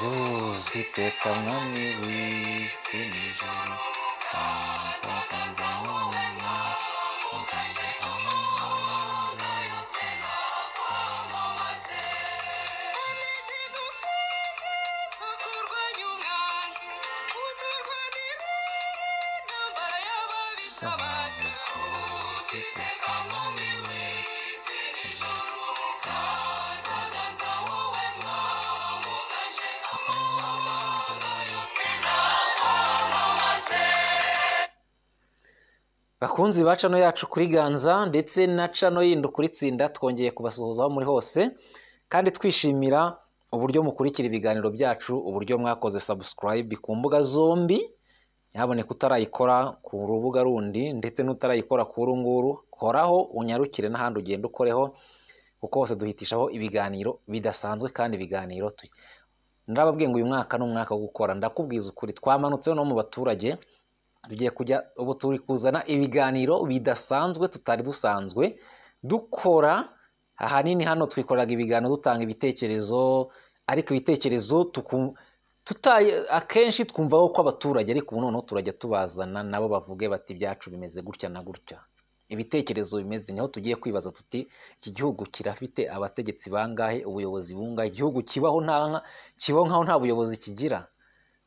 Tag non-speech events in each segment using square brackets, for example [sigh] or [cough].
Guhuziteka mwami w'isi n'ijuru Hanze akazamuka Ugaje amahanga abakunzi ba cano yacu kuri ganza ndetse na cano yindi kuri tsinda twongeye kubasuhuza muri hose kandi twishimira uburyo mukurikira ibiganiro byacu uburyo mwakoze sabusikarayibe ku mbuga zombi yaboneka utarayikora ku rubuga rundi ndetse n'utarayikora ku nguru koraho unyarukire n'ahandi ugenda ukoreho kuko hose duhitishaho ibiganiro bidasanzwe kandi ibiganiro ndababwiye ngo uyu mwaka ni umwaka wo gukora ndakubwiza ukuri twamanutse no mu baturage tugiye kujya ubu turi kuzana ibiganiro bidasanzwe tutari dusanzwe dukora ahanini hano twikoraga ibiganiro dutanga ibitekerezo ariko ibitekerezo akenshi twumvaho ko abaturage ariko ubu noneho turajya tubazana nabo bavuge bati ibyacu bimeze gutya na gutya ibitekerezo bimeze niho tugiye kwibaza tuti iki gihugu kirafite abategetsi bangahe ubuyobozi bungahe igihugu kibaho nta kibaho nkaho nta buyobozi kigira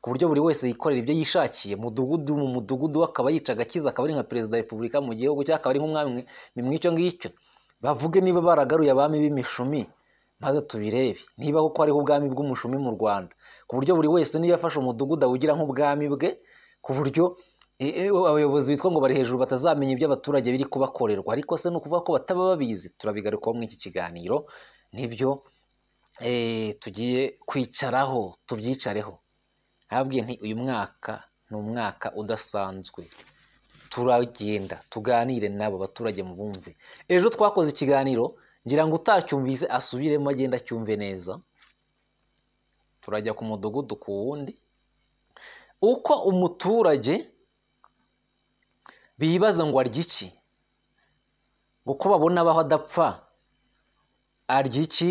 ku buryo buri wese yikorera ibyo yishakiye mudugudu mu mudugudu akaba yica agakiza akaba ari nka perezida wa repubulika mu gihugu cyangwa akaba ari nk'umwami ni mw'icyo ngicyo bavuge niba baragaruye abami b'imishumi maze tubirebe niba kuko hariho ubwami bw'umushumi mu rwanda ku buryo buri wese niba afashe umudugudu awugira nk'ubwami bwe ku buryo abayobozi bitwa ngo bari hejuru batazamenya ibyo abaturage biri kubakorerwa ariko se ni ukuvuga ko bataba babizi turabigarukaho muri iki kiganiro nibyo eh, tugiye kwicaraho tubyicareho nababwiye nti uyu mwaka ni umwaka udasanzwe turagenda tuganire n'abo baturage mu bumve ejo twakoze ikiganiro ngira ngo utacyumvise asubiremo agenda acyumve neza turajya ku mudugudu ku wundi uko umuturage bibaza ngo arya iki ngo ko babona abaho adapfa arya iki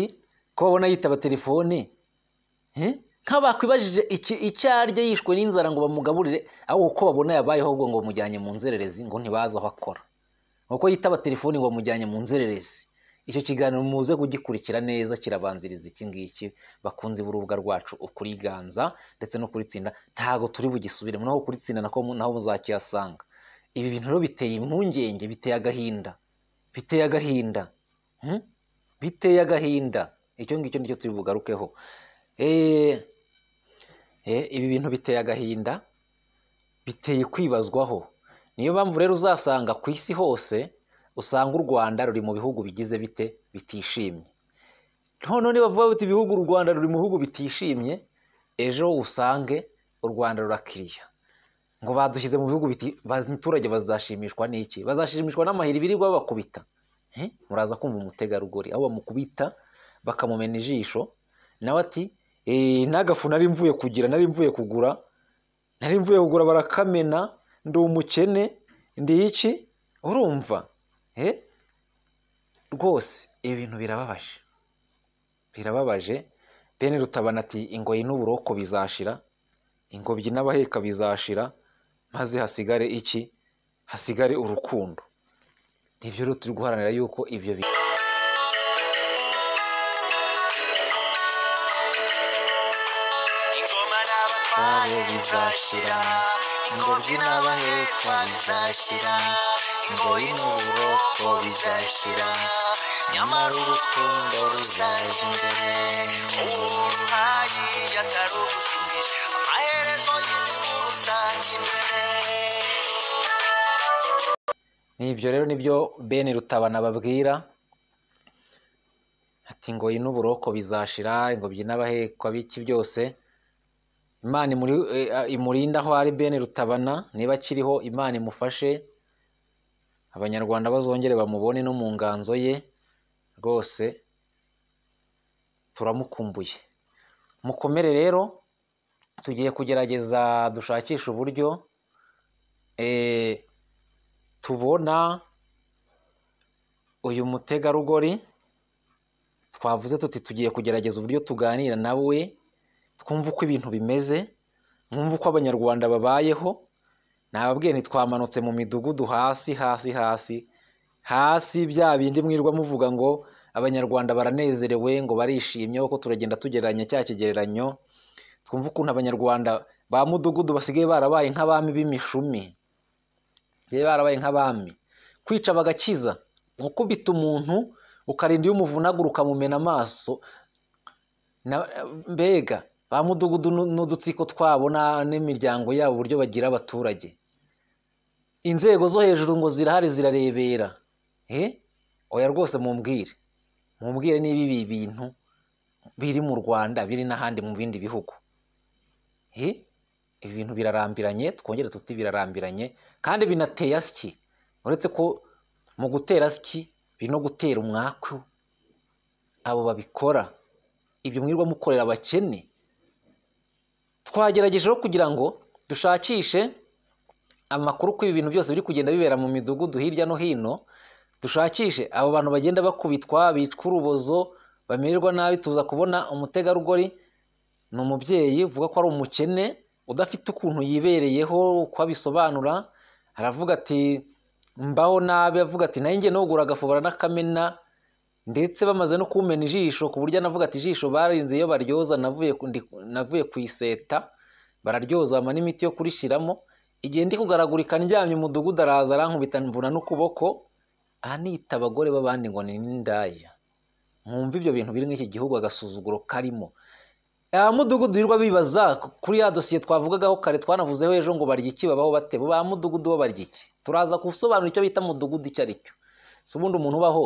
ko babona yitaba telefone nk'abakwibajije icyo arya yishwe n'inzara ngo bamugaburire ahubwo uko babona yabayeho ahubwo ngo bamujyanye mu nzererezi ngo ntibaze aho akora uko yitaba telefoni ngo bamujyanye mu nzererezi icyo kiganiro muze kugikurikira neza kirabanziriza iki ngiki bakunze urubuga rwacu ukuriganza ndetse no kuritsinda ntabwo turi bugisubiremo naho kuritsinda naho muzakiyasanga ibi bintu rero biteye impungenge biteye agahinda biteye agahinda hm? biteye agahinda icyo ngicyo nicyo tubibugarukeho eee eh, Eh, ibi bintu biteye agahinda biteye kwibazwaho niyo mpamvu rero uzasanga ku isi hose usanga u rwanda ruri mu bihugu bigize bite bitishimye noneho niba bavuga bati ibihugu u rwanda ruri mu bihugu bitishimye ejo usange u rwanda rurakiriya ngo badushyize mu bihugu abaturage bazashimishwa n'iki bazashimishwa n'amahirwe iri babakubita eh? muraza kumva umutegarugori aho bamukubita bakamumena ijisho nawe ati Eh, n'agafu nari mvuye kugira nari mvuye kugura nari mvuye kugura barakamena ndi umukene ndi iki urumva eh? rwose ibintu birababaje birababaje bene rutabana ati ingoyi n'uburoko bizashira ingobyi n'abaheka bizashira maze hasigare iki hasigare urukundo nibyo rero turi guharanira yuko ibyo bintu bizashira ingobyi n'abahetswa bizashira ingoyi n'uburoko bizashira nyamara urukundo ruzajya imbere hariya atari ugusubiza amaherezo y'igihugu uzajya imbere ni rero nibyo bene rutabana babwira ati ingoyi n'uburoko bizashira ingobyi n'abahekwa b'iki byose Imana eh, eh, imurinde aho ari Bene Rutabana niba akiriho Imana imufashe, abanyarwanda bazongere bamubone no mu nganzo ye rwose turamukumbuye. Mukomere rero tugiye kugerageza dushakisha uburyo eh, tubona uyu mutegarugori twavuze tuti tugiye kugerageza uburyo tuganira na we. twumve uko ibintu bimeze mwumve uko abanyarwanda babayeho nababwiye ntitwamanutse mu midugudu hasi hasi hasi hasi bya bindi mwirwa muvuga ngo abanyarwanda baranezerewe ngo barishimye kuko turagenda tugereranya cya kigereranyo twumve ukuntu abanyarwanda ba mudugudu basigaye barabaye nk'abami b'imishumi basigaye barabaye nk'abami kwica bagakiza gukubita umuntu ukarinda iyo umuvunagura ukamumena amaso mbega ba mudugudu n'udutsiko twabo n'imiryango yabo uburyo bagira abaturage inzego zo hejuru ngo zirahari zirarebera oya rwose mumbwire mumbwire niba ibi bintu biri mu rwanda biri n'ahandi mu bindi bihugu ibi bintu birarambiranye twongere tuti birarambiranye kandi binateye asiki uretse ko mu gutera asiki biri no gutera umwaku abo babikora ibyo mwirwa mukorera abakene twagerageje rero kugira ngo dushakishe amakuru ko ibi bintu byose biri kugenda bibera mu midugudu hirya no hino dushakishe abo bantu bagenda bakubitwa bicwa urubozo bamererwa nabi tuza kubona umutegarugori ni umubyeyi uvuga ko ari umukene udafite ukuntu yibereyeho uko abisobanura aravuga ati mbaho nabi avuga ati nayo njye nugura agafubara n'akamena ndetse bamaze no kumena ijisho ku buryo anavuga ati ijisho barinze iyo baryoza navuye ku iseta bararyoza bamara n'imiti yo kurishyiramo igihe ndi kugaragurika ndyamye umudugudu araza arankubita mvuna n'ukuboko anita abagore b'abandi ngo ni n'indaya nkumva ibyo bintu biri nk'iki gihugu agasuzuguro karimo ba mudugudu wirwa bibaza kuri ya dosiye twavugagaho kare twanavuzeho ejo ngo barya iki babaho bate ba mudugudu bo barya iki turaza gusobanura icyo bita mudugudu icyo ari cyo si ubundi umuntu ubaho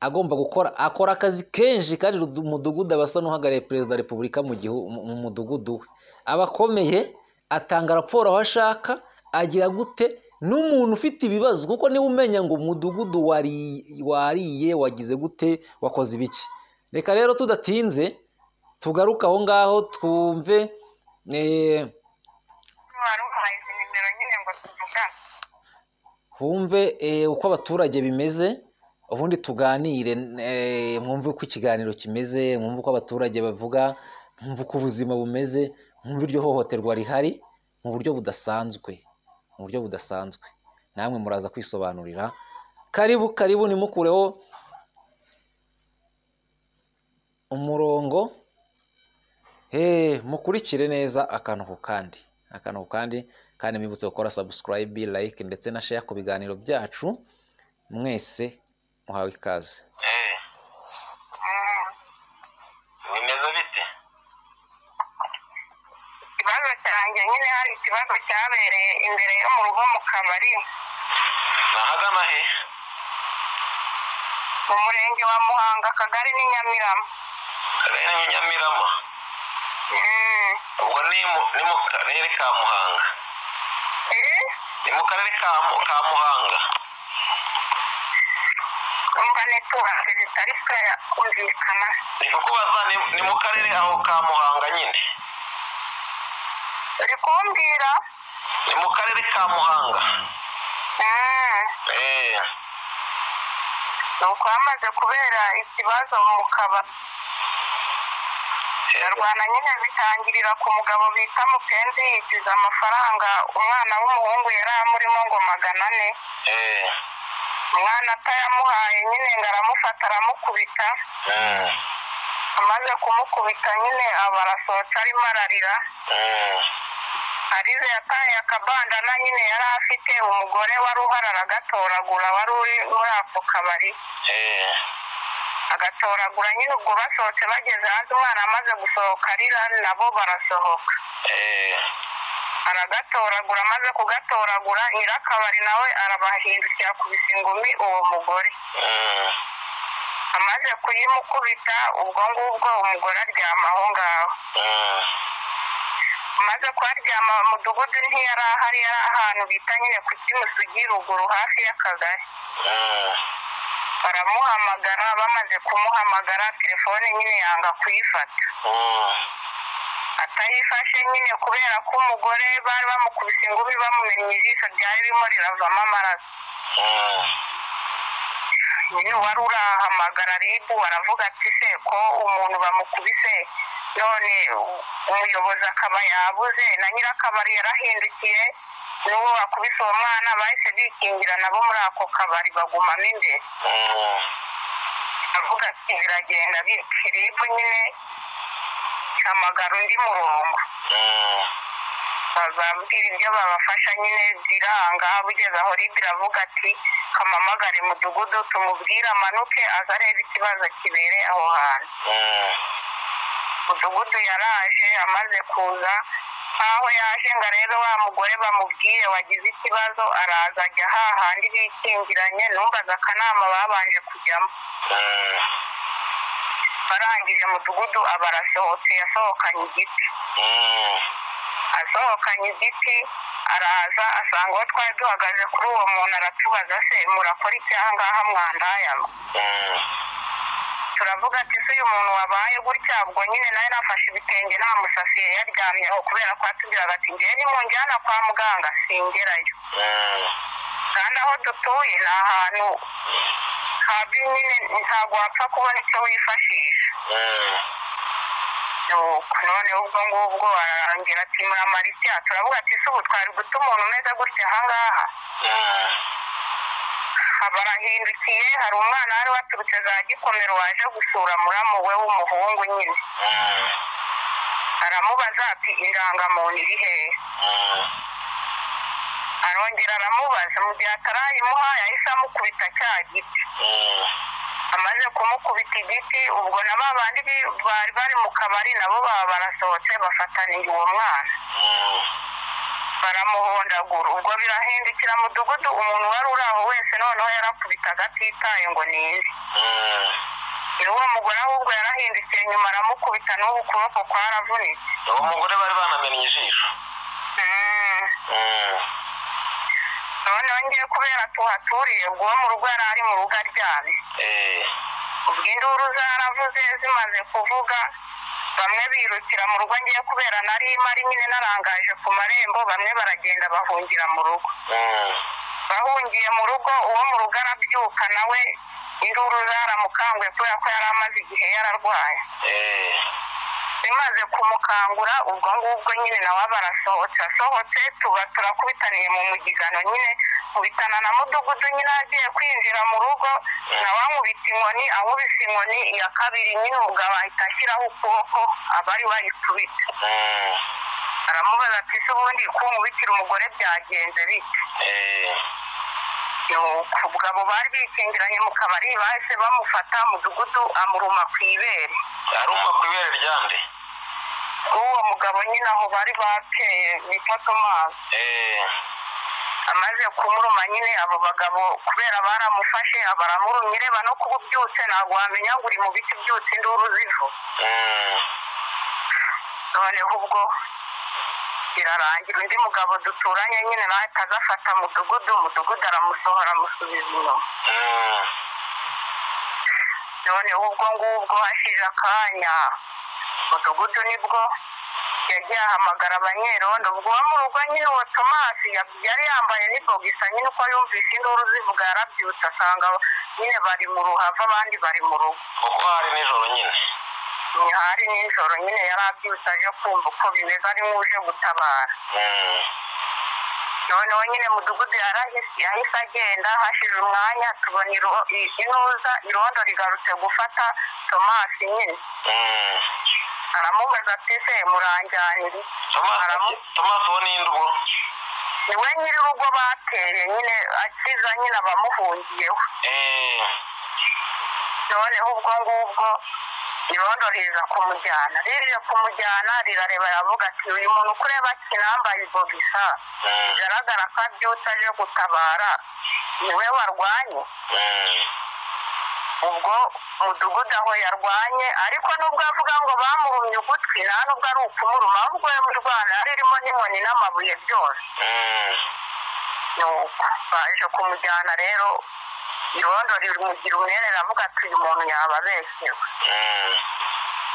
agomba gukora akora akazi kenshi kandi umudugudu aba asa n'uhagarariye perezida wa repubulika mu mudugudu we aba akomeye atanga raporo aho ashaka agira gute n'umuntu ufite ibibazo kuko niba umenya ngo umudugudu wariye wagize gute wakoze ibice reka rero tudatinze tugaruke aho ngaho twumve humve eh, eh, uko abaturage bimeze ubundi tuganire eh, mwumve uko ikiganiro kimeze mwumve uko abaturage bavuga mwumve uko ubuzima bumeze mwumve iryo hohoterwa rihari mu buryo budasanzwe mu buryo budasanzwe namwe muraza kwisobanurira karibu karibu nimukureho umurongo eh, mukurikire neza akantu ku kandi akantu ku kandi kandi mwibutse gukora sabusikarayibi layike ndetse na sheya ku biganiro byacu mwese muhawe ikaze bimeze bite ikibazo cyanjye nyine hari ikibazo cyabereye imbere yo mu rugo mu kabari nahagana he mu murenge wa muhanga akagari ni nyamirama akagari ni nyamirama mm. ubwo ni mu karere ka muhanga eh? ni mu karere ka muhanga netiwake zitari ni mu karere aho ka muhanga nyine uri kumbwira ni mu karere ka muhanga ni hamaze kubera ikibazo mu kabari nyarwanda nyine zitangirira ku mugabo bita mupenzi yisize amafaranga umwana w'umuhungu yari amurimo ngo magana ane umwana atayamuhaye nyine ngo aramufata aramukubita ah. amaze kumukubita nyine aba arasohotse arimo ararira ah. arize yataye akabandana nyine yari afite umugore wari uhari aragatoragura wari uri muri ako kabari eh. agatoragura nyine ubwo basohotse bageze hanze umwana amaze gusohoka arira nabo barasohoka eh. aragatoragura amaze kugatoragura nyirakabari nawe arabahindukira akubise ingumi uwo mugore ah. amaze kuyimukubita ubwo ngubwo umugore ah. aryama aho ngaho amaze kuharyama umudugudu ntiyari ahari yari ahantu bita nyine ku kimusugi ruguru hafi y'akagari ah. baramuhamagara bamaze kumuhamagara telefone nyine yanga kuyifata atayifashe nyine kubera ko umugore bari bamukubise ingumi bamumennye ijisho ryari ririmo riravamo amaraso mm. nyine wari urahamagara ribu baravuga ati se ko umuntu bamukubise none umuyobozi akaba yabuze na nyirakabari yarahindukiye n'uwo bakubise uwo mwana bahise bikingira nabo muri ako kabari bagumamo imbere baravuga mm. ati biragenda bityo ribu nyine bazahamagara undi murongo mm. bazabwira ibyo babafasha nyine biranga bugeze aho rib iravuga ati kamamagare mudugudu tumubwire amanuke aza arebe ikibazo kibere aho hantu mm. mudugudu yaraje amaze kuza nkaho yaje ngo arebe wa mugore bamubwire wagize ikibazo araza ajya hahandi bikingiranye numvaga akanama babanje kujyamo mm. barangije umudugudu aba arasohotse yasohokanye igiti mm. asohokanye igiti araza asanga uwo twari duhagaze kuri uwo muntu aratubaza se murakora iki aha ngaha mm. turavuga ati se uyu muntu wabaye gutya ubwo nyine nawe nafashe ibitenge nta musatsi yaryamyeho kubera ko atubwiraga ati ngewe nimunjyana kwa muganga singerayo mm. kandi aho dutuye ni ahantu ntabyo nyine ntabwo wapfa kubona icyo wifashisha mm. noneho ubwo ngubwo barambwira ati muramara icyaha turavuga ati si ubu twari guta umuntu umeze gutya ahangaha mm. barahindukiye hari umwana wari waturutse za gikomero waje gusura muramu we w'umuhungu nyine mm. aramubaza ati indangamuntu iri hehe arongera aramubaza mu gihe atarayimuhaye ahise amukubita cya giti mm. amaze kumukubita igiti ubwo na ba bandi bari bari mu kabari nabo baba barasohotse bafataniye uwo mwana mm. baramuhondagura ubwo birahindukira mudugudu umuntu wari uri aho wese noneho yarakubitaga atitaye ngo ni indi mm. uwo mugore ahubwo yarahindukiye nyuma aramukubita n'ubu ukuboko kwaravunitse uwo mugore bari banamenye ijisho noneho ngewe kubera tuhaturiye ubwo mu rugo yari ari mu rugo aryamye ubwo eh. induru zaravuze zimaze kuvuga bamwe birukira mu rugo ngiye kubera nari mari nyine narangaje ku marembo bamwe baragenda bahungira mu rugo hmm. bahungiye mu rugo uwo mu rugo arabyuka nawe induru zaramukanguye kubera ko yari amaze igihe yararwaye eh. imaze kumukangura ubwo ngubwo nyine nawe aba arasohotse asohotse tuba turakubitaniye mu mugigano nyine nkubitana na mudugudu nyine agiye kwinjira mu rugo nawe ankubita inkoni ankubise inkoni iya kabiri nyine ubwo ahita ashyiraho ukuboko abari bayikubita hmm. aramubaza ati se ubundi kumubitira umugore byagenze bite eh. ubwo bari bikingiranye mu kabari bahise bamufata mudugudu amuruma ku ibere aruma ku ibere ryande uwo mugabo nyine aho bari bateye bita tomasi eh. amaze kumuruma nyine abo bagabo kubera baramufashe baramurumye no kuba ubyutse ntabwo wamenya ngo uri mu biti byutse induru zivu eh. noneho ubwo birarangira undi mugabo duturanye nyine nawe azafata mudugudu umudugudu aramusohora amusubiza inyuma eh. noneho ubwo ngubwo hashije akanya mudugudu nibwo yagiye ahamagara abanyerondo ubwo uwo nyine uwo tomasi yari yambaye n'ibogisa nyine uko yumvise induru zivuga yarabyutse asanga nyine bari mu ruhava abandi bari mu rugo kuko hari nijoro nyine hari nijoro nyine yarabyutse aje kumva uko bimeze ari nk'uje gutabara hmm. noneho nyine mudugudu yahise agenda hashize umwanya tubona intuza irondo rigarutse gufata tomasi nyine hmm. aramubaza ati se muranjyanire tomasi uwo ninde ubwo niwe nyir'urugo bateye nyine akiza nyine abamuhungiyeho eh. noneho ubwo ngubwo irondo riza kumujyana ririye kumujyana rirareba yavuga ati uyu muntu uko ureba kinambaye ibogisa eh. bigaragara ko abyutse aje gutabara niwe warwanye eh. ubwo mudugudu aho yarwanye ariko nubwo avuga ngo bamurumye ugutwi nta nubwo ari ukumuruma ahubwo we mu rwanda yari n'inkoni n'amabuye byose mm. baje kumujyana rero irondo rimugira umwere aravuga ati uyu muntu yababeshewe mm.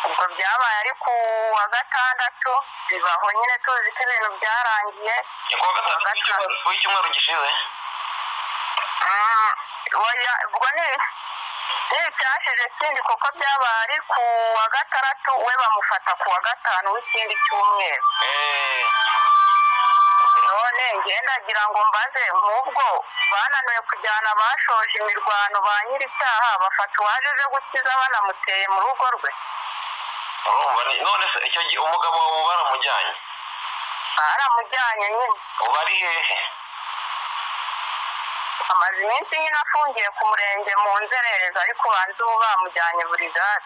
ubwo byabaye ari ku wa gatandatu bibaho nyine tuzi ko ibintu byarangiye ku wa gatandatu w'icyumweru gishize mm. ubwo ni iyo byashize kuko byaba ari ku wa gatandatu we bamufata ku wa gatanu w'ikindi cyumweru eh. none ngenda agira ngo mbaze n'ubwo bananiwe kujyana bashoje imirwano ba nyir'icyaha bafata uwajeje gukiza banamuteye mu rugo rwe urumva none se icyo gihe umugabo wawe baramujyanye baramujyanye nyine uba amaze iminsi nyine afungiye ku murenge mu nzererezi ariko banze ubu bamujyanye buri gare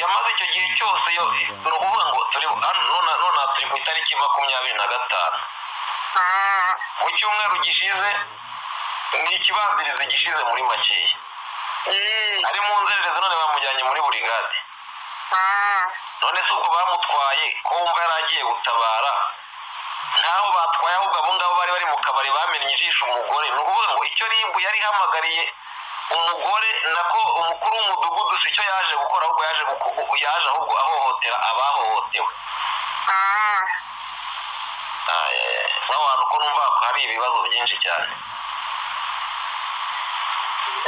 yamaze icyo gihe cyose yo ni ukuvuga ngo turi ah, none turi ku itariki makumyabiri na gatanu mm. mu cyumweru gishize ni ikibanzirizi gishize muri makeya mm. ari mu nzererezi none bamujyanye muri burigade mm. none se ubwo bamutwaye ko wumva yari agiye gutabara ntaho batwaye ahubwo abo ngabo bari bari mu kabari bamennye ijisho umugore ni ukuvuga ngo icyo ribu yari ihamagariye umugore nako umukuru w'umudugudu si icyo yaje gukora ahubwo yaje yaje ahubwo ahohotera abahohotewe ah. ah, niho ko numva hari ibibazo byinshi cyane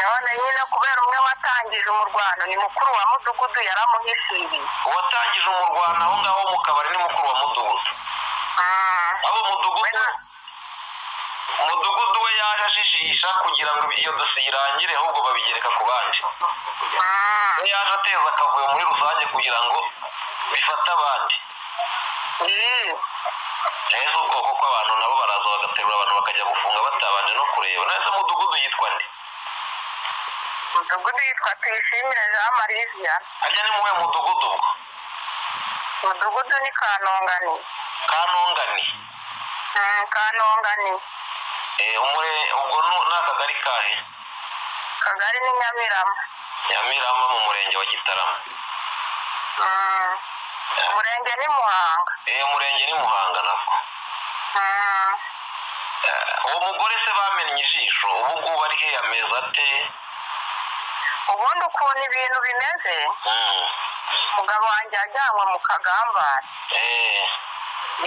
none nyine kubera umwe watangije umurwano ni mukuru wa mudugudu yaramuhishiriye uwatangije umurwano aho ngaho mu kabari ni mukuru wa mudugudu ah. abo mudugudu umudugudu we yaje ajijisha kugira ngo iyo dosiye irangire ahubwo babigereka ku bandi ah. yaje ateza akavuyo muri rusange kugira ngo bifate abandi rero mm. ubwoko bw'abantu nabo baraza bagaterura abantu bakajya gufunga batabanje no kureba neza umudugudu yitwa nde umudugudu yitwa tuyishimire jean marie vianney ajya ni muwe mudugudu ubwo umudugudu ni kanongani kanongani hmm, kanongani eh, ubwo ni akagari kahe akagari ni nyamirama nyamirama mu murenge wa gitarama umurenge hmm, ni muhanga umurenge eh, ni muhanga nako hmm. eh, uwo mugore se bamennye ijisho ubu ngubu ari he yameze ate ubundi ukuntu ibintu bimeze umugabo wanjye yajyanywe mu kagamba ye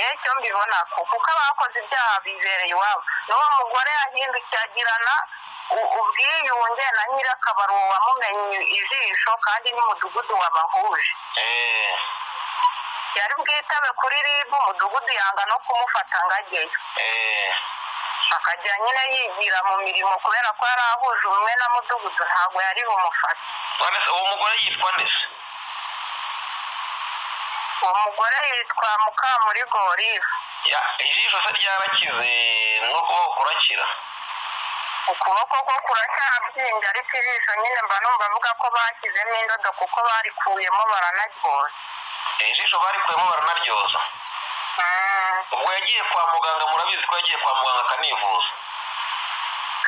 eh. mbibona ko kuko abakoze ibyaha bibereye iwabo n'uwo mugore yahindukiye agirana ubwiyunge na nyirakabaruwa wamumenye ijisho kandi n'umudugudu wabahuje eh. yari bwitabe kuri ribu umudugudu yanga no kumufata ngo ajyeyo eh. akajya nyine yigira mu mirimo kubera ko yari ahuje ubumwe na mudugudu ntabwo yari bumufate uwo mugore yitwa ndetse umugore yitwa mukamurigo olive iri josi ryarakize n'ukuboko kurakira ukuboko ko kuracyabyimbye ariko ijisho nyine mba numva avuga ko bashyizemo indodo kuko barikuyemo baranaryoza ijisho barikuyemo baranaryoza mm. ubwo yagiye kwa muganga murabizi ko yagiye kwa muganga akanivuza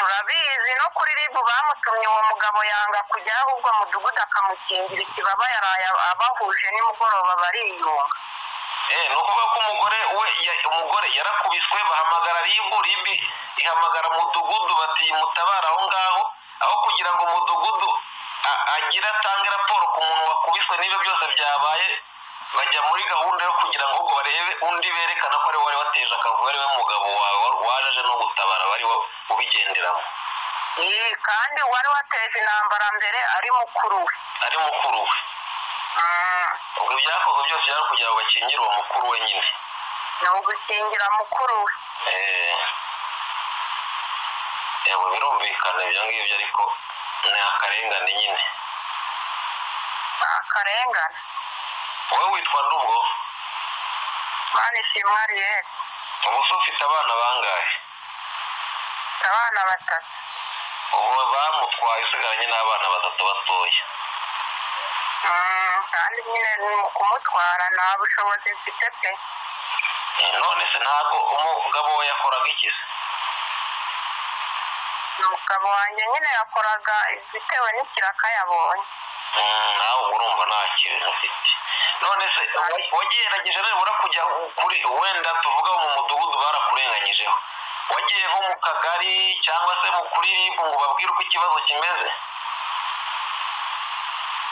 turabizi no kuri ribu bamutumye uwo mugabo yanga kujyaho ahubwo mudugudu akamukingira ikibaba yaraye abahuje nimugoroba bariyunga eh, ni ukuvuga ko umugore we umugore yarakubiswe bahamagara ribu ribi ihamagara mudugudu bati mutabara aho ngaho aho kugira ngo umudugudu agire atange raporo ku muntu wakubiswe n'ibyo byose byabaye bajya muri gahunda yo kugira ngo barebe undi berekana ko ari wari wateje akavuyo ari we mugabo wawe waje no gutabara wari ubigenderamo kandi wari wateje intambara mbere ari mukuru we ari mukuru we mm. ubwo ibyakorwa byose byari kugira ngo bakingire uwo mukuru we nyine ni ugukingira mukuru we yewe eh. birumvikana ibyo ngibyo ariko ni akarengane nyine ni akarengane wowe witwa nubwo banishimwe ariyeri eh. ubu se ufite abana bangahe abana batatu ubu bamutwaye usigaranye n'abana batatu batoya mm, kandi nyine mu kumutwara nta bushobozi mfite pe none se ntabwo umugabo we yakoraga iki se umugabo wanjye nyine yakoraga bitewe n'ikiraka yabonye nawe ubwo urumva nta kintu ufite none se wagerageje nibura kujya kuri wenda tuvuga mu mudugudu barakurenganyijeho wagiye nko mu kagari cyangwa se mu kuri ribu ngo babwire uko ikibazo kimeze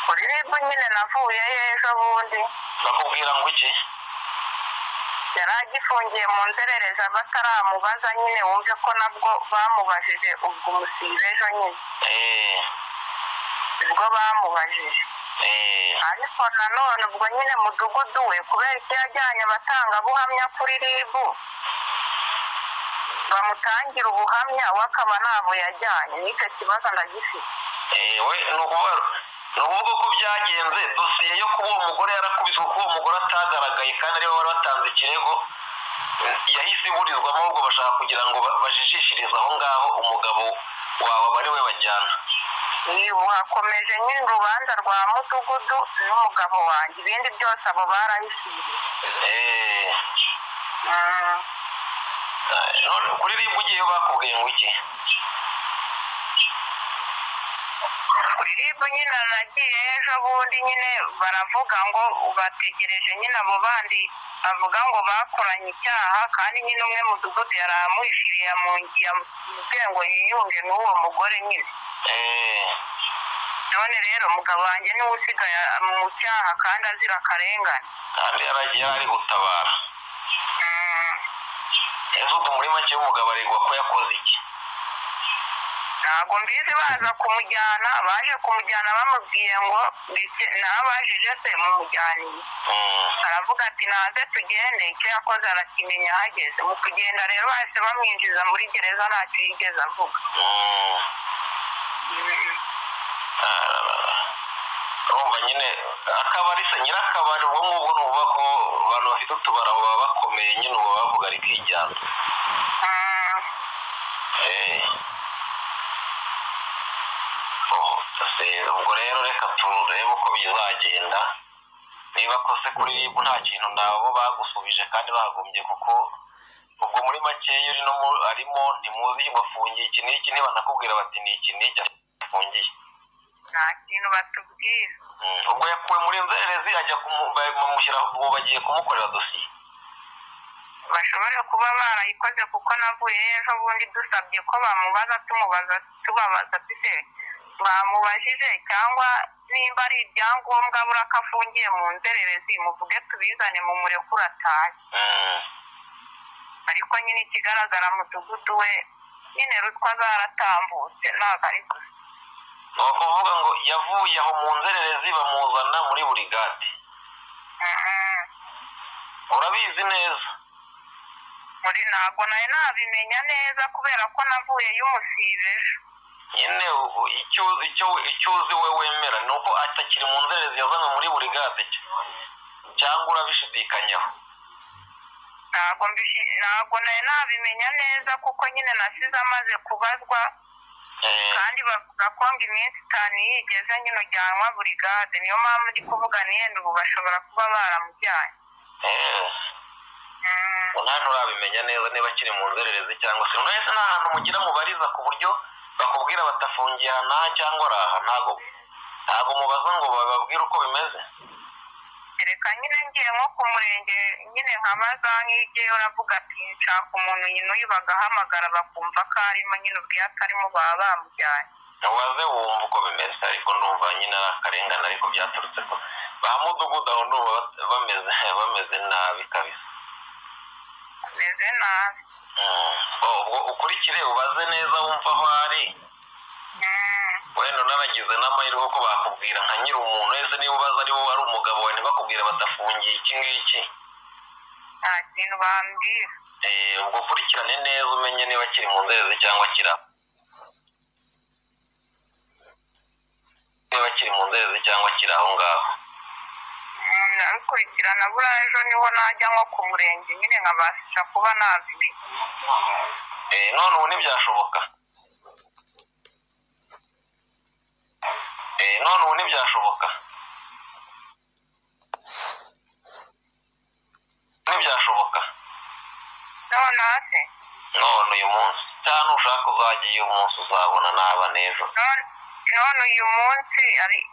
kuri ribu nyine navuye ejo bundi bakubwira ngo iki yari agifungiye mu nzererezi bataramubaza nyine wumve ko nabwo bamubajije ubwo umusibe ejo nyine eh. nibwo bamubajije eh. ariko nanone ubwo nyine mudugudu we kubera icyo yajyanye abatangabuhamya kuri ribu bamutangira ubuhamya we akaba ntabwo yajyanye nicyo kibazo ndagifite eh, we ni ukuvuga ko byagenze dosiye yo kuba uwo mugore yarakubiswe kuko uwo mugore atagaragaye kandi ariwe wari watanze ikirego yahise iburizwamo ahubwo bashaka kugira ngo bajijishirize aho ngaho umugabo wawe aba bajyana rwakomeje nyine urubanza rwa mudugudu n'umugabo wanjye ibindi byose abo barabishyiriye kuri eh. mm. eh, rimwe ugiye bakubwiye ngo iki ririya nyine nagiye ejo bundi nyine baravuga ngo bategereje nyine abo bandi bavuga ngo bakoranye icyaha kandi nyine umwe mudugudu yari amwishyiriye yamubwiye ngo yiyunge n'uwo mugore nyine eh. none rero umugabo wanjye niwe usigaye mu cyaha kandi azira akarengane kandi yaragiye ari gutabara mm. ese ubwo muri make umugabo aregwa ko yakoze iki ntabwo mbizi baza kumujyana baje kumujyana bamubwiye ngo nababajije se mumujyaniye mm. aravuga ati naze tugende icyo yakoze arakimenya ahageze mu kugenda rero bahise bamwinjiza muri gereza ntacyo yigeze avuga mm. urumva nyine akabari se nyirakabari ubwo ngubwo ni ukuvuga ko abantu bafite utubara baba bakomeye nyine ubu bavuga ari ubwo rero reka turebe uko bizagenda niba kose kuri ribu nta kintu nabo bagusubije kandi bahagombye kuko ubwo muri makeya uri no arimo ntimuzi ngo afungiye iki ntibanakubwira bati ni iki n'iki afungiye nta kintu batubwira mm, ubwo yakuwe muri nzerezi ajya kumushyira ubu bagiye kumukorera dosiye bashobora kuba barayikoze kuko navuyeyo ejo bundi dusabye ko bamubaza tumubaza tubabaza dusetse bamubajije cyangwa nimba ari ibyangombwa abura afungiye mu nzererezi muvuge tubizane mu mureko urataye hmm. ariko nyine ikigaragara mudugudu we nyine rutwa zaratambutse ntabwo ari gusa ni ukuvuga ngo yavuye aho mu nzererezi bamuzana muri buri gati urabizi neza muri ntabwo nawe nabimenya neza kubera ko navuyeyo umusibe ejo nyine icyo uzi we wemera ni uko atakiri mu nzererezi yazanywe muri buri gade cyangwa urabishidikanyaho ntabwo nari nabimenya neza kuko nyine nasize amaze kubazwa eh. kandi bavuga ko ngo iminsi itanu iyo nyine ujyanwa buri gade niyo mpamvu ndi kuvuga niyenda ubu bashobora kuba baramujyanye eh. eh. nta nturabimenya neza niba akiri mu nzererezi cyangwa se urabona ni ahantu mugira mubariza ku buryo bakubwira batafungiye aha n'aha cyangwa ari ntabwo ntabwo mubaza ngo bababwire uko bimeze reka nyine ngiye nko ku murenge nyine nkabaza nk'igihe uravuga ati nshaka umuntu nyine uyu bagahamagara bakumva ko arimo nyine ubwiye atarimo baba bamujyanye ntubaze wumva uko bimeze ariko ndumva nyine akarengane ariko byaturutse ko ba mudugudu aho ndumva bameze nabi kabisa bameze nabi Hmm. Oh, ubwo ukurikire ubaze neza wumva aho ari wenda unaragize n'amahirwe ko bakubwira nka nyiri umuntu wese niba ubaza ari wowe ari umugabo wawe ntibakubwire badafungiye iki ngiki nta kintu bambwira eh, ubwo ukurikirane neza umenye niba kiri mu nzererezi cyangwa kiraba niba kiri mu nzererezi cyangwa kiri aho ngaho ndabikurikirana buriya ejo niho najya nko ku murenge nyine nkabasha kuba nabimenye eh, none ubu ntibyashoboka eh, none ubu ntibyashoboka ntibyashoboka none hasi none uyu munsi cyangwa ushaka uzajya uyu munsi uzabona n'aba n'ejo none uyu munsi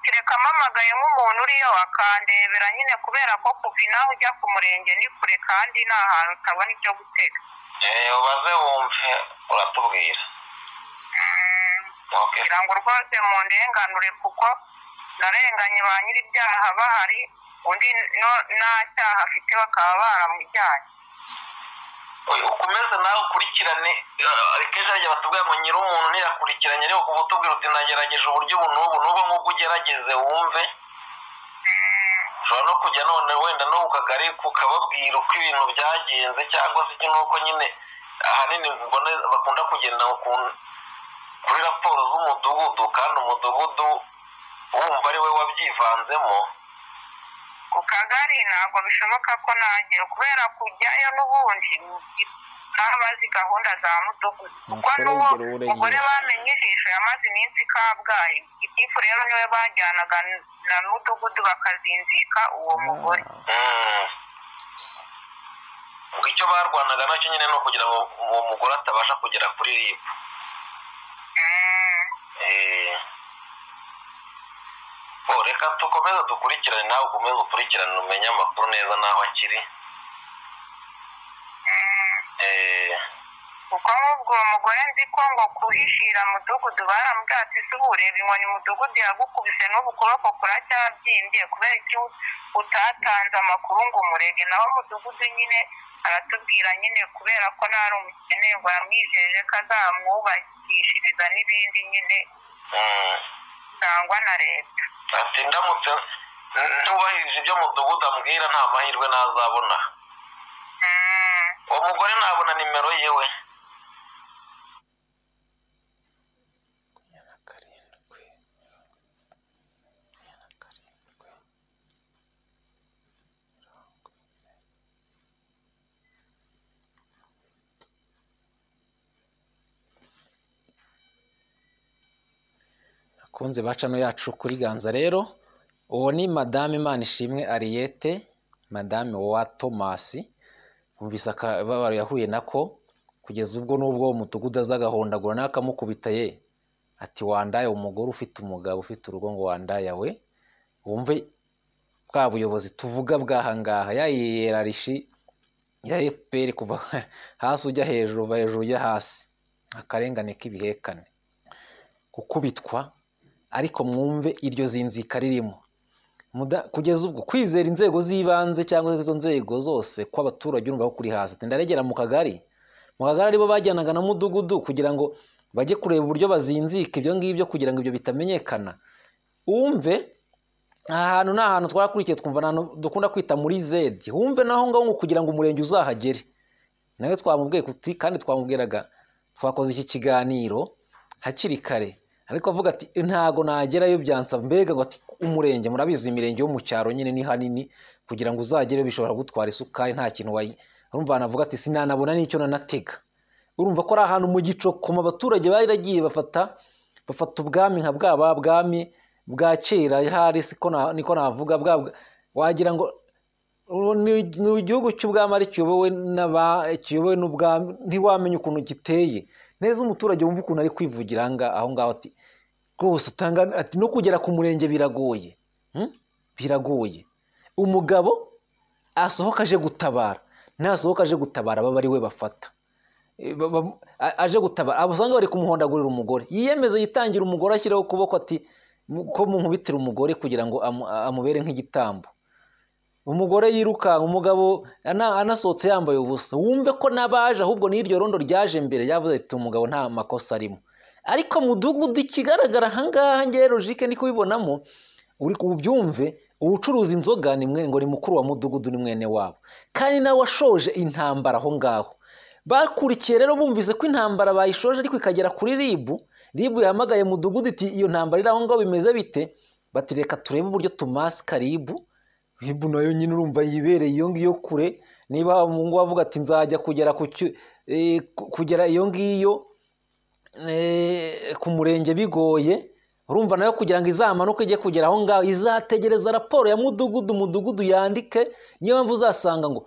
kereka mpamagaye nk'umuntu uriyo akandebera nyine kubera ko kuva inaha ujya ku murenge ni kure kandi ni ahantu utabona ibyo gutega eh, ubaze wumve uratubwira mm, kugira ngo rwose mu ndenganure kuko narenganye ba nyir'ibyaha bahari undi nta cyaha afite bakaba baramujyanye ukomeze nawe ukurikirane eh, akenshi hajya batubwira ngo nyiri ntiyakurikiranye ariko kuba utubwira uti nagerageje uburyo ubu n'ubu n'ubu nk'ubwo ugerageze wumve ushobora no kujya none wenda no ku kagari ukababwira uko ibintu byagenze cyangwa se nuko nyine ahanini bakunda kugenda kuri raporo z'umudugudu kandi umudugudu wumva ari we wabyivanzemo ku kagari ntabwo bishoboka ko nagera kubera kujyayo n'ubundi ntabazi gahunda za mudugudu kuko n'uwo mugore bamenye ijisho yamaze iminsi kabgayi ibyifu rero niwe bajyanaga na mudugudu bakazinzika uwo ah. mugore hmm. ngo icyo barwanaga nacyo nyine ni ukugira ngo uwo mugore atabasha kugera kuri ribu hmm. eh. reka dukomeze dukurikirane nawe ukomeze ukurikirane umenye amakuru neza n'aho akiri kuko eh, nk'ubwo mugore nzi ko ngo kuhishira mudugudu baramutatse isi ubu inkoni mudugudu yagukubise n'ubu kuboko kuracyabyimbye kubera icyo utatanze amakuru ngo umurege nawe mudugudu nyine aratubwira nyine kubera ko ntari umukene ngo yamwijeje ko azamwubakishiriza n'ibindi nyine hmm. zitangwa na leta ati ndamutse ntubahirije ibyo mudugudu ambwira nta mahirwe ntazabona mm. uwo mugore nabona nimero yewe kunze bacano yacu kuri ganza rero uwo ni madame ishimwe Ariete madame wa tomasi bumvise akababaro yahuye ko kugeza ubwo n'ubwo uwo mudugudu aza agahondagura nawe akamukubita ye ati wandaye umugore ufite umugabo ufite urugo ngo wandaye we wumve bwa buyobozi tuvuga bwahangaha yayiyerarishi ya efuperi kuva [laughs] hasi ujya hejuru uva hejuru ujya hasi akarengane k'ibihekane gukubitwa ariko mwumve iryo zinzika ririmo kugeza ubwo kwizera inzego z'ibanze cyangwa izo nzego zose kw'abaturage urumva ko kuri hasi ndaregera mu kagari mu kagari aribo bajyanaga na mudugudu kugira ngo bajye kureba uburyo bazinzika ibyo ngibyo kugira ngo ibyo bitamenyekana wumve aha hantu ni ahantu twakurikiye twumva ahantu dukunda kwita muri zedi wumve naho ngaho kugira ngo umurenge uzahagere nawe twamubwiye kuti kandi twamubwiraga twakoze iki kiganiro hakiri kare ariko avuga ati ntago nagerayo byansa mbega ngo ati umurenge murabizi imirenge yo mu cyaro nyine ni hanini kugira ngo uzagereyo bishobora gutwara isukari nta kintu wayi urumva banavuga ati sinanabona n'icyo nanatega urumva ko ari ahantu mu gicokoma baturage baragiye bafata bafata ubwami nka bwaba bwami bwa kera hari niko navuga bwa wagira ngo ni igihugu cy'ubwami ari kiyobowe n'ubwami ntiwamenye ukuntu giteye neza umuturage wumva ukuntu ari kwivugira aho ngaho ati rwose atanga ati no kugera ku murenge biragoye hmm? biragoye umugabo asohoka aje gutabara nasohoka aje gutabara baba ari we bafata eh, aje gutabara abasanga bari kumuhondagurira umugore yiyemeza yitangira umugore ashyiraho ukuboko ati ko nkubitira umugore kugira ngo amubere nk'igitambo umugore yiruka umugabo anasohotse yambaye ubusa wumve ko n'abaje ahubwo n'iryo rondo ryaje mbere yavuze ati umugabo nta makosa arimo ariko mudugudu ikigaragara ahangaha ngewe logike ni kubibonamo uri ubyumve ubucuruza inzoga ni mwe ngo ni mukuru wa mudugudu ni mwene wabo kandi nawe washoje intambara aho ngaho bakurikiye rero bumvise ko intambara bayishoje ariko ikagera kuri ribu ribu yahamagaye mudugudu iti iyo ntambara iri aho ngaho bimeze bite batireka turebe uburyo tumasika ribu ribu nayo nyine urumva yibereye iyo ngiyo kure niba umuhungu wavuga ati nzajya kugera ku eh, kugera iyo ngiyo Eh, ku murenge bigoye urumva nayo kugira ngo izamanuke ijye kugera aho ngaho izategereza raporo ya mudugudu mudugudu yandike niyo mpamvu uzasanga ngo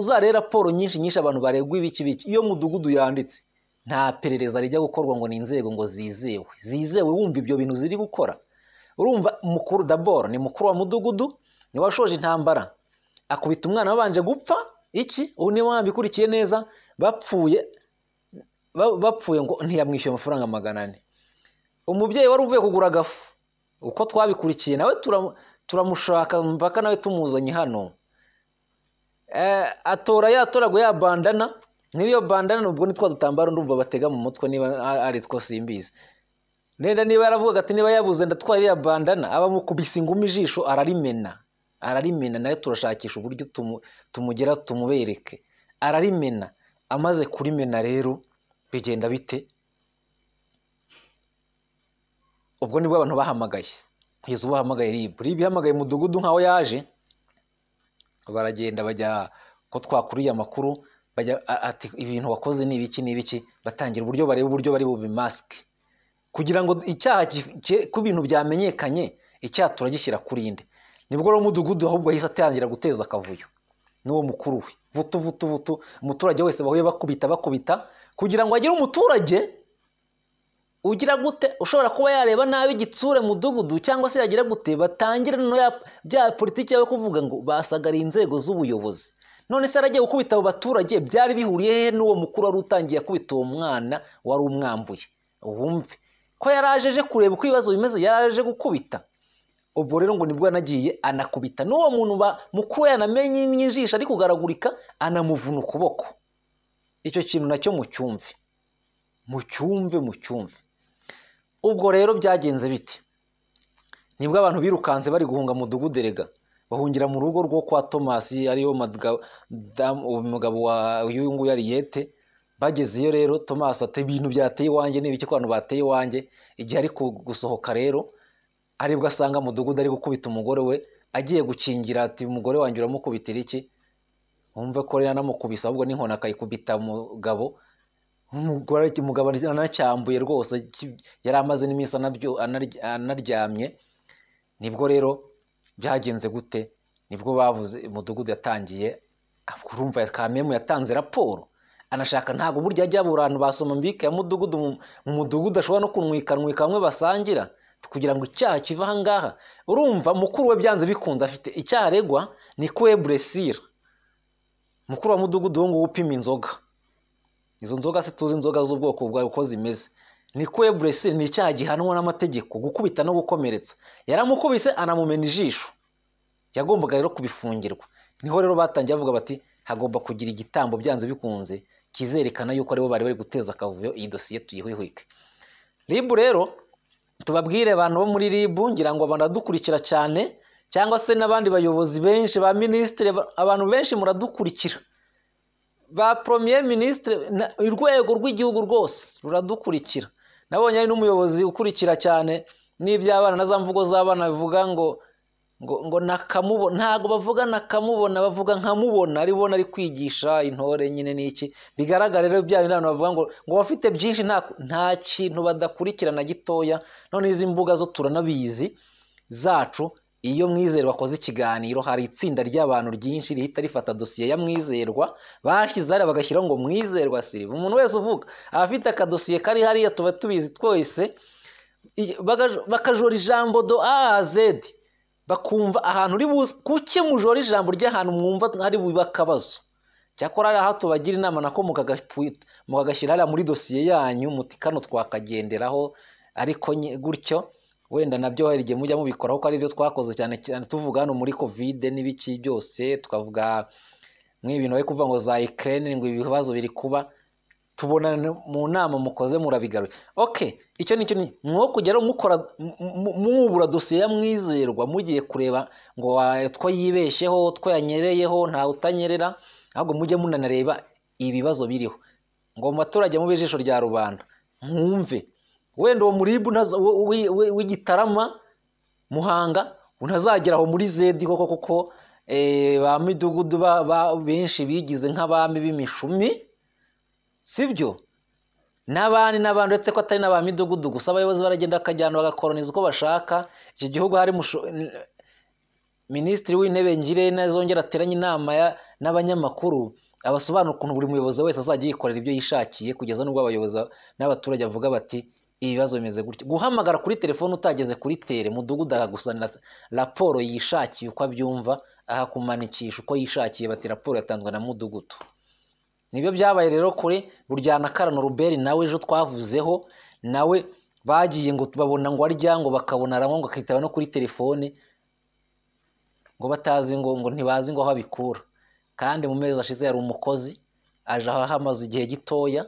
uzarebe raporo nyinshi nyinshi abantu baregwa ibiki biki iyo mudugudu yanditse nta perereza rijya gukorwa ngo ni inzego ngo zizewe zizewe wumva ibyo bintu ziri gukora urumva mukuru daboro ni mukuru wa mudugudu niwe washoje intambara akubita umwana wabanje gupfa iki ubu niba wabikurikiye neza bapfuye bapfuye ngo ntiyamwishyuye amafaranga magana ane umubyeyi wari uvuye kugura agafu uko twabikurikiye nawe turamushaka mpaka nawe tumuzanye hano eh, atora yatoraguye ya bandana n'iyo bandana nubwo nitwa dutambaro ndumva batega mu mutwe niba ari two simbizi nenda niba yaravugaga ati niba yabuze ndatwara iriya bandana abamukubise ingumi ijisho ararimena ararimena nayo turashakisha uburyo tumugera tumubereke ararimena amaze kurimena rero bigenda bite ubwo nibwo abantu bahamagaye kugeza ubu bahamagaye ribu ribu ihamagaye umudugudu nk'aho yaje baragenda bajya ko twakuriye amakuru bajya ati ibintu wakoze ni ibiki ni ibiki batangira uburyo bareba uburyo bari bubi bubimasike kugira ngo icyaha ku bintu byamenyekanye icyaha turagishyira kuri inde nibwo rero umudugudu ahubwo yahise atangira guteza akavuyo n'uwo mukuru we vutu vutu vutu umuturage wese bahuye bakubita bakubita kugira ngo agire umuturage ugira gute ushobora kuba yareba nabi igitsure mudugudu cyangwa se yagira gute batangire bya politiki yo kuvuga ngo basagariye inzego z'ubuyobozi none se aragiye gukubita abo baturage byari bihuriye he n'uwo mukuru wari utangiye kubita uwo mwana wari umwambuye wumve ko yarajeje kureba uko ibibazo bimeze yaraje gukubita ubwo rero ngo nibwo yanagiye anakubita n'uwo muntu mukuru yanamenye ijisho ari kugaragurika anamuvuna ukuboko icyo kintu nacyo mucyumve mucyumve mucyumve ubwo rero byagenze biti nibwo abantu birukanze bari guhunga mudugudu erega bahungira mu rugo rwo kwa tomasi ariyo mugabo wa uyu nguyu ariyete bagezeyo rero tomasi ati ibintu byateye iwanjye n'ibiki abantu bateye iwanjye igihe ari gusohoka rero aribwo asanga mudugudu ari gukubita umugore we agiye gukingira ati umugore wanjye uramukubitira iki wumve ko rero anamukubise ahubwo n'inkoni akayikubita umugabo umugabo anacyambuye rwose yari amaze n'iminsi anaryamye nibwo rero byagenze gute nibwo bavuze umudugudu yatangiye urumva kamemu yatanze raporo anashaka ntabwo burya ajya buri basoma mbike ya mudugudu mu mudugudu ashobora no kumwikanwika bamwe basangira kugira ngo icyaha kive aha ngaha urumva mukuru we byanze bikunze afite icyaha aregwa ni kuwe buresira mukuru wa mudugudu uwo nguwo upima inzoga izo nzoga se tuzi inzoga z'ubwoko bwawe uko zimeze ni kwebulesi ni icyaha gihanwa n'amategeko gukubita no gukomeretsa yaramukubise anamumena ijisho yagombaga rero kubifungirwa niho rero batangiye bavuga bati hagomba kugira igitambo byanze bikunze kizerekana yuko aribo bari bari guteza akavuyo iyi dosiye tuyihwihwike ribu rero tubabwire abantu bo muri ribu ngira ngo banadukurikira cyane cyangwa se n'abandi bayobozi benshi ba minisitiri abantu benshi muradukurikira ba poromiye minisitiri urwego rw'igihugu rwose ruradukurikira nabonye ari n'umuyobozi ukurikira cyane n'iby'abana na za mvugo z'abana bivuga ngo ngo nakamubona ntabwo bavuga nakamubona bavuga nkamubona ari bona ari kwigisha intore nyine n'iki bigaragara rero bya bintu bavuga ngo ngo bafite byinshi nta kintu badakurikirana gitoya none izi mbuga zo turanabizi zacu iyo mwizerwa akoze ikiganiro hari itsinda ry'abantu ryinshi rihita rifata dosiye ya mwizerwa bashyize hariya bagashyiraho ngo mwizerwa siriva umuntu wese uvuga abafite akadosiye kari hariya tuba tubizi twese bakajora ijambo do a zedi bakumva ahantu uri buze kuke mujora ijambo ry'ahantu mwumva ari bube akabazo cyakora aha tubagira inama nako mukagashyira hariya muri dosiye yanyu muti kano twakagenderaho ariko gutyo wenda nabyo hari igihe mujya mubikoraho ko aribyo twakoze cyane cyane tuvuga hano muri kovide n'ibiki byose tukavuga nk'ibintu bari kuvuga ngo za ekirene ngo ibibazo biri kuba tubona mu nama mukoze murabigaruye oke icyo ni cyo mwo kugeraho mukora mwubura dosiye ya mwizerwa mugiye kureba ngo two yibesheho two yanyereyeho ntawe utanyerera ahubwo mujye munanareba ibibazo biriho ngo mu baturage mube ijisho rya rubanda mwumve wenda uwo muribu w'igitarama muhanga ntazagera aho muri zedi koko kuko eh, ba midugudu benshi bigize nk'abami b'imishumi byo n'abandi n'abantu uretse ko atari n'aba midugudu gusa abayobozi baragenda bakajyana bagakoroniza uko bashaka iki gihugu hari minisitiri w'intebe ngirente zongera ateranye inama n'abanyamakuru abasobanura ukuntu buri muyobozi wese azajya yikorera ibyo yishakiye kugeza n'ubwo abayobozi n'abaturage bavuga bati ibibazo bimeze gutya guhamagara kuri telefone utageze kuri tere mudugudu akagusanira raporo yishakiye uko abyumva aha kumanikisha uko yishakiye bati raporo yatanzwe na mudugudu nibyo byabaye rero kure buryana karano ruberi nawe ejo twavuzeho nawe bagiye ngo babona ngo aryango bakabona ramwe ngo akitaba no kuri telefone ngo batazi ngo ngo ntibazi ngo aho abikura kandi mu mezi ashize yari umukozi aje aho amaze igihe gitoya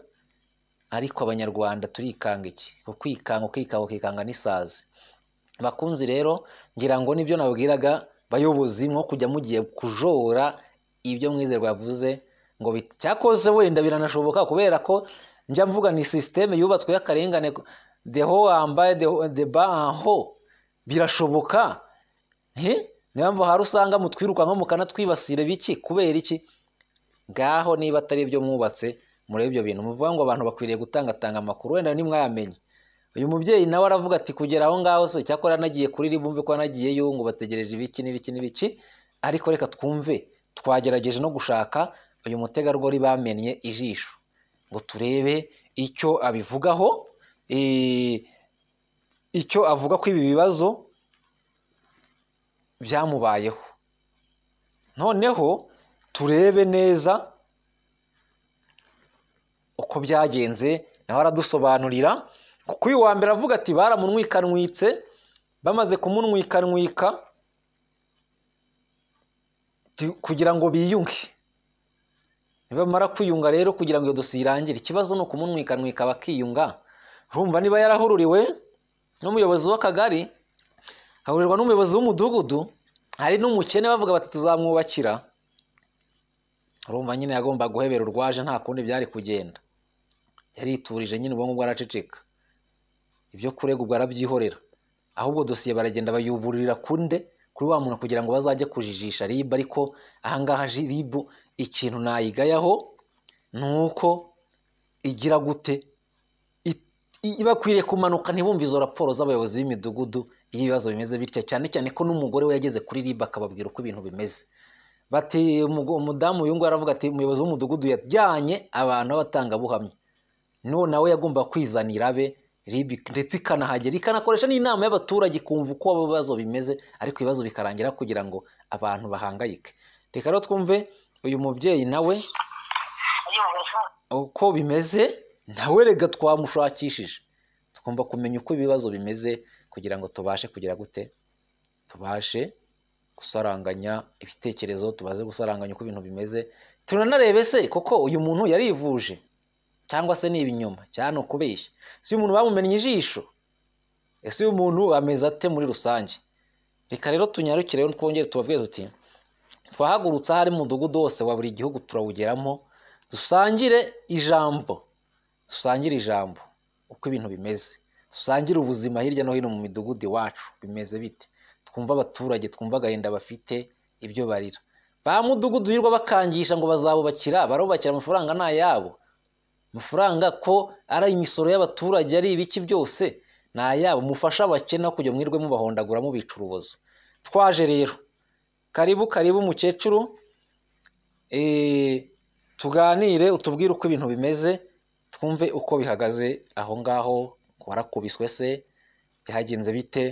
ariko abanyarwanda turikanga iki ukwikanga ukikanga ukikanga n'isazi bakunzi rero ngira ngo nibyo nabwiraga bayobozi nko kujya mugiye kujora ibyo mwizerwa yavuze ngo cyakoze wenda biranashoboka kubera ko njya mvuga ni sisiteme yubatswe y'akarengane deho wambaye deba aho birashoboka niyo mpamvu hari usanga mutwirukanka mukana twibasire biki kubera iki ngaho niba atari ibyo mwubatse murebe ibyo bintu muvuga ngo abantu bakwiriye gutangatanga amakuru wenda nimwayamenye uyu mubyeyi nawe aravuga ati kugera aho ngaho se cyakora nagiye kuri iri bumve ko nagiye ngo bategereje ibiki n'ibiki n'ibiki ariko reka twumve twagerageje no gushaka uyu mutegarugori bamennye ijisho ngo turebe icyo abivugaho eh, icyo avuga ko ibi bibazo byamubayeho noneho turebe neza uko byagenze nawe aradusobanurira kuko uyu wa mbere avuga ati baramunwikanwitse bamaze kumunwikanwika kugira ngo biyunge nibamara kwiyunga rero kugira ngo iyo dosiye irangire ikibazo ni ukumunwikanwika bakiyunga urumva niba yarahururiwe n'umuyobozi w'akagari ahurirwa n'umuyobozi w'umudugudu hari n'umukene bavuga bati tuzamwubakira urumva nyine yagomba guhebera urwaje nta kundi byari kugenda yariturije nyine ubwonko bwaraceceka ibyo kurega ubwo arabyihorera ahubwo dosiye baragenda bayuburira kunde kuri wa muntu kugira ngo bazajye kujijisha riba ariko ahangaha ribu ikintu nayigayaho ni uko igira gute ibakwiriye kumanuka ntibumve izo raporo z'abayobozi b'imidugudu iyo ibibazo bimeze bitya cyane cyane ko n'umugore we yageze kuri ribu akababwira uko ibintu bimeze bati umudamu uyu nguyu aravuga ati umuyobozi w'umudugudu yajyanye abantu b'abatangabuhamya we yagomba kwizanira abe ribi ndetse ikanahagera ikanakoresha n'inama y'abaturage ikumva uko bibazo bimeze ariko ibibazo bikarangira kugira ngo abantu bahangayike reka rero twumve uyu mubyeyi nawe uko bimeze nawe rega twamushakishije tugomba kumenya uko ibibazo bimeze kugira ngo tubashe kugira gute tubashe gusaranganya ibitekerezo tubaze gusaranganya uko ibintu bimeze tunanarebe se koko uyu muntu yarivuje cyangwa se ni ibinyoma cyane ukubeshya si umuntu bamumennye ijisho ese uyu muntu ameze ate muri rusange reka rero tunyarukire twongere tubabwire tuti twahagurutse ahari mudugudu wose wa buri gihugu turawugeramo dusangire ijambo dusangire ijambo uko ibintu bimeze dusangire ubuzima hirya no hino mu midugudu iwacu bimeze bite twumve abaturage twumve agahinda bafite ibyo barira ba mudugudu yirwa bakangisha ngo bazabubakira barubakira amafaranga ni ayabo amafaranga ko ari imisoro y'abaturage ari ibiki byose ni ayabo mufasha abakene kujya mwirwe mubahondagura mubica urubozo twaje rero karibu karibu umukecuru eh, tuganire utubwire uko ibintu bimeze twumve uko bihagaze aho ngaho warakubiswe se byagenze bite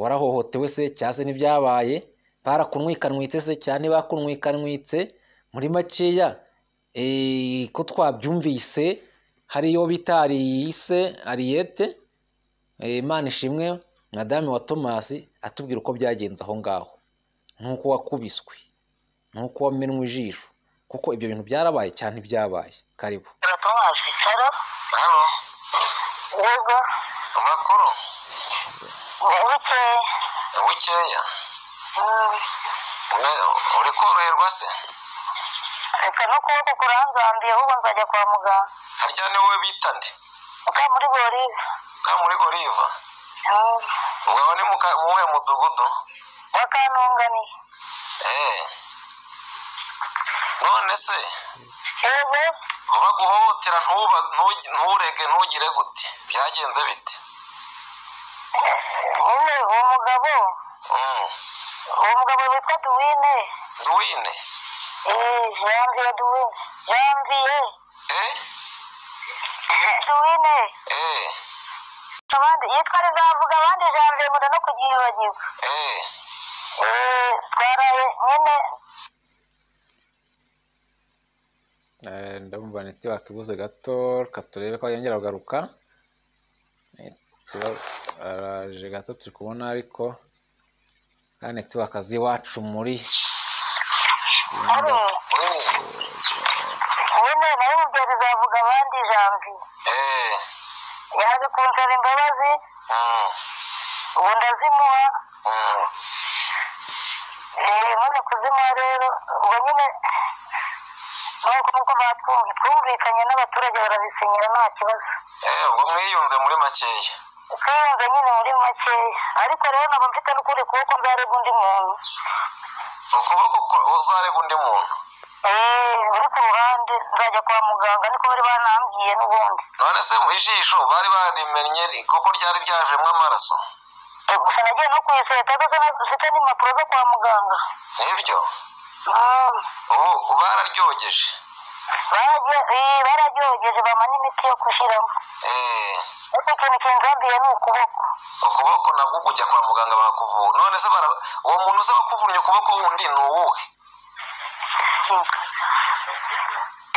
warahohotewe se cyase n'ibyabaye barakunwikanwitse se cyane bakunwikanwitse muri makeya ko twabyumvise hari iyo bita ariyise ariyete eh, imana ishimwe madamu wa tomasi atubwira uko byagenze aho ngaho nk'uko wakubiswe nk'uko wamenwe ijisho kuko ibyo bintu byarabaye cyane ibyabaye karibu tomasi hano yego mm. uri koroherwa se reka n'ukuboko kurangambiye ahubwo nzajya kwa muganga harya ni wowe bita nde mukamuri goriva mukamuri goriva mm. wowe ni muwuhe mudugudu wa kanunganiye eh. none se yego baguhohotera nturege ntugire gute byagenze bite eh, mm. uwo mugabo witwa duwine duwine janvier duwine janvier duwine abandi iyo twari abandi janvier muda no kuryibagirwa twaraye nyine ndabumva neti wakibuze gato reka turebe ko yongera kugaruka araje gato turi kubona ariko kandi netiwaka z'iwacu muri hari nyine nari mu gihe abandi jambi eh. yaje kunsaba imbabazi ubu ah. ndazimuha ah. eh, none kuzimuha rero ubwo nyine nuko nk'uko batwumva twumvikanye n'abaturage barabisinyira eh, nta kibazo ubwo mwiyunze muri makeya twiyunze nyine muri makeya ariko rero ntabwo mfite n'ukuri kuboko mbere undi muntu ukuboko uzarega undi muntu eh, uri ku ruhande nzajya kwa muganga niko bari banambwiye n'ubundi none se mu ijisho bari barimennye kuko ryari ryajemo amaraso eh, gusa nagiye no kuyiseta dufite n'impapuro zo kwa muganga nibyo mm. ubu bararyogeje eh, bararyogeje bamara imiti yo gushyiramo ariko ikintu kingambiye ni ukuboko ukuboko nabwo kujya kwa muganga bakakuvura none se uwo muntu uza wakuvunnye ukuboko wundi ni uwuhe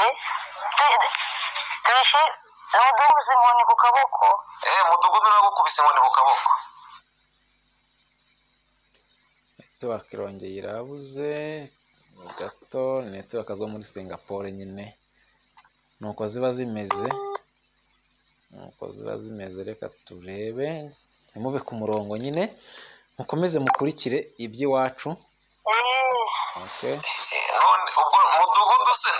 eh? eh, eh, mudugudu inkoni ku kaboko eee mudugudu nawe gukubise inkoni ku kaboko netiwaka irongeye irabuze gato netiwaka zo muri singapore nyine ni uko ziba zimeze nuko ziba zimeze reka turebe ntimube ku murongo nyine mukomeze mukurikire iby'iwacu oh. mudugudu se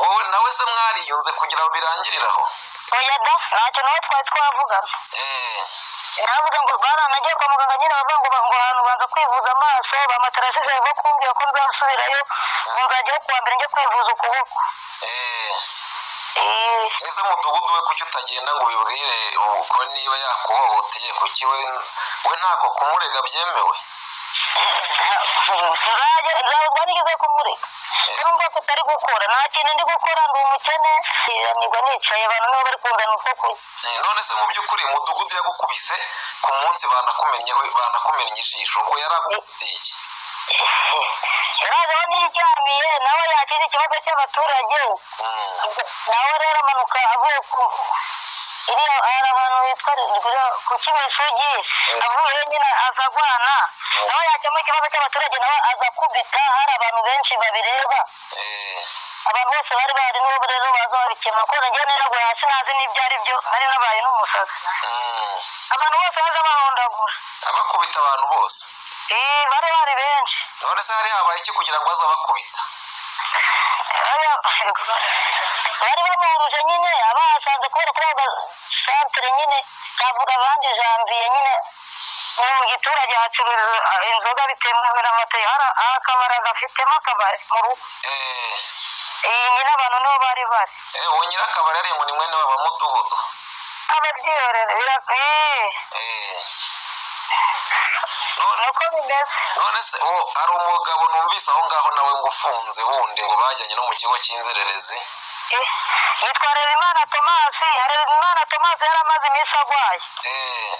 wowe nawe se mwariyunze kugira ngo birangirire aho oya da ntacyo nawe twari twavugana navuga eh. ngo baranagiye kwa muganga nyine bavuga ngo ngo ahantu banza kwivuza amaso bamatarashize bava kumbwira ko nzasubirayo ngo nzajyaho kuwa mbere njye kwivuza ukuboko eh. ese eh, umudugudu we kuki utagenda ngo ubibwire ko niba yakuhohoteye kuki we we ntako kumurega byemewe ntabwo nigeze kumureka eh. nubwo tutari gukora nta kintu ndi gukora ndi umukene nirwa nicaye abantu niba bari kungana uko kuri eh, none se mu by'ukuri mudugudu yagukubise ku munsi banakumennye ijisho ubwo yaragukubitiye ntazaba nijyaniye nawe yakize ikibazo cy'abaturage nawe rero amanuka avuye ku iriya hari abantu bitwa ku kimishugi avuye nyine aza nawe yakemura ikibazo cy'abaturage nawe aza kubita hari abantu benshi babireba abantu bose bari bahari n'ubu rero baza babikemura kuko nagiye nirabwo hasi ntazi n'ibyo ari byo nari nabaye n'umusazi abantu bose baza barondagura abakubita abantu bose eee eh, bari bari benshi none se hari habaye iki kugira ngo aze abakubita bari bamuruje nyine abahasanze kubera kuri ayo santere nyine navuga abandi janviye nyine mu giturage hacuruza inzoga bitemewe n'amategeko hari akabara gafitemo akabari mu rugo eh. iyi nyine abantu nibo bari bari uwo eh, nyirakabari ari ngo ni mwene waba mudugudu ababyiherera birakwiriye niko bimeze none se oh, hari umugabo numvise aho ngaho nawe ngo ufunze wundi ngo bajyanye no mu kigo cy'inzererezi eh, yitwa Rerimana tomasi Rerimana tomasi yari amaze iminsi arwaye eh.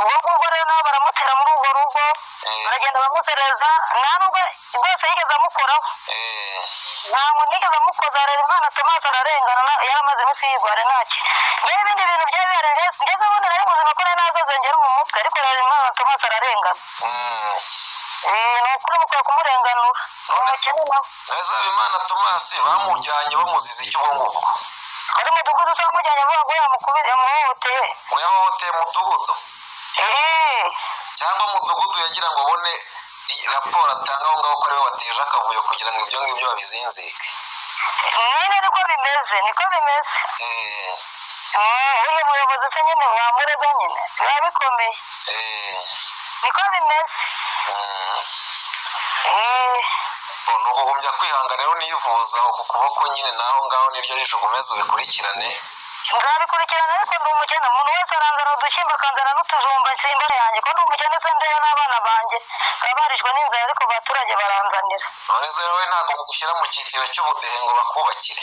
ubwo ngubwo rero nabo baramutera muri urwo rugo eh. baragenda bamuzereza nta nubwo rwose yigeze amukoraho ntabwo nigeze amukoza Rerimana tomasi ararengana yari amaze iminsi yirwara ntacyo yewe ibindi bintu byari biharenze ngeze ubundi nari muzima ari mu ariko reba umwana tomasi ararengana ni ukuri mukwiye kumurenganura neza habimana tomasi bamujyanye bamuzize icyo ubwo hari umudugudu usanga umujyanye ngo yamukubise yamuhohoteye yamuhohoteye umudugudu eh. cyangwa umudugudu yagira ngo abone raporo atanga aho ngaho ko aribo bateje akavuyo kugira ngo ibyo ngibyo babizinzike nyine niko bimeze niko bimeze eh. Eh, uriya muyobozi usa nyine wamburega nyine biba bikomeye niko eh. bimeze ni hmm. eh. ukugumbya kwihanga rero nivuza uku kuboko nyine naho ngaho niryo rije ukomeze ubikurikirane nzabikurikirana ariko ndi umukene umuntu wese aranzana udushyimbo akanzana n'utujumba nsimbare yanjye ko ndi umukene se ndeba n'abana banjye babarijwe n'inzara ariko abaturage baranzanira none se wowe ntabwo ugushyira mu cyiciro cy'ubudehe ngo bakubakire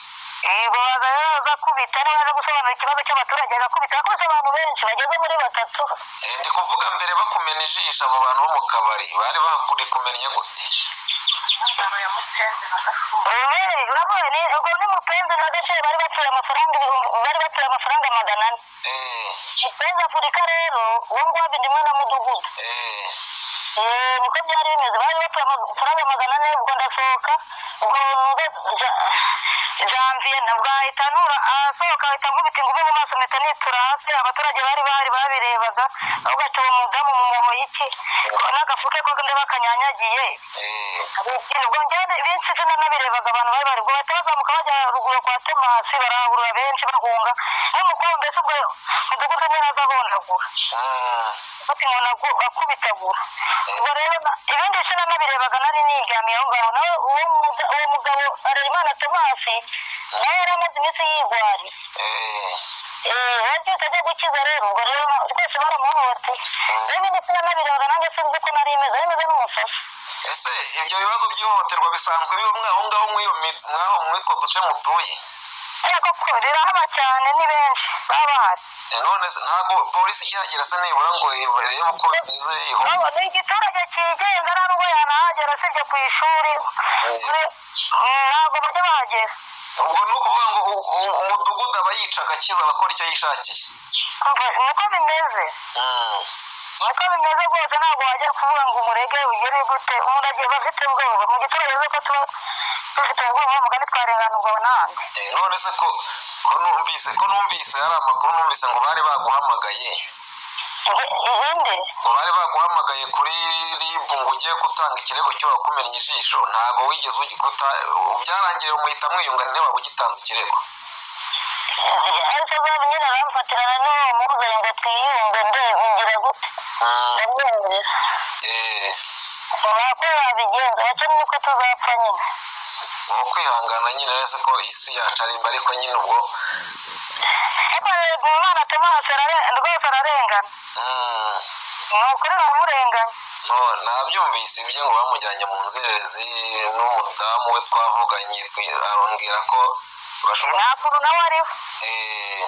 yego bagakubita n'abaza gusobanura ikibazo cy'abaturage bagakubita bakoze abantu benshi bageze muri batatu ndi kuvuga mbere bakumena ijisho abo bantu bo mu kabari bari bakuri kumenya gute ubwo ni mupenzi na gashere bari batuye amafaranga bari batuye amafaranga magana ane eh. mupenzi afurika rero uwo nguwo ndimwe na mudugudu eh. Eh, niko byari bimeze bari batuye amafaranga magana ane ubwo ndasohoka janvier nabwo ahita nura asohoka ahita nkubita ingufu mu maso mpita nitura hasi abaturage bari bahari babirebaga aho gaca uwo mudamu mu muho y'iki n'agafuke ko ndeba kanyanyagiye eh. ubwo njyewe benshi sinabirebaga abantu bari bari guha bazamuka bajya ruguru kwa temasi barahurura benshi bahunga n'umukobwa mbese ubwo mudugudu umwe naza ahonagura ufite ah. umuntu akubitagura eh. ubwo rero ibindi bise nanabirebaga nari niryamiye aho ngaho nawe uwo mugabo areba imana tomasi eh. nawe yari amaze iminsi yigwariye eh. nabyo kajya gukizwa rero ubwo rwose baramuhohoteye rero ndetse n'amabiranga nanjye sinzi ko nari meze ari meze ese ibyo bibazo by'ihohoterwa bisanzwe biba mwaho ngaho mwaho mwitwa duce mutuye yego ko rirahaba cyane ni benshi baba bahari none ntabwo polisi ihagera se nibura ngo irebe uko bimeze yihuta ni igiturage cyigenga nta yanahagera usibye ku ishuri ntabwo bajya bahagera ubwo ni ukuvuga ngo umudugudu aba yica agakiza abakora icyo yishakiye niko bimeze hmm. niko bimeze rwose ntabwo wajya kuvuga ngo umurege ugere gute umuntu agiye afite ubwoba mu giturage rero ko tuba dufite ubwoba mugari twarenganurwa n'ahandi eh, none se ko numvise ko numvise hari amakuru numvise ngo bari baguhamagaye bari baguhamagaye kuri rib ngo ujye gutanga ikirego cyo wakumennye ijisho ntabwo wigeze ugikuta byarangiye muhita mwiyunga niba ugitanze ikirego nyine bamfatirana n'uwo mugore ngo twiyunge ngira gute hmm. eh. ntabwo wabigenza bacamo nuko tuzapfa nyine ni ukwihangana nyine uretse ko isi yacu ari ariko nyine ubwo umwana atema rwose ararengana hmm. ni ukuri bamurenganya nabyumvise ibyo ngo bamujyanye mu nzererezi n'umudamu we twavuganye arongera ko nta kuntu nawe ariho eh.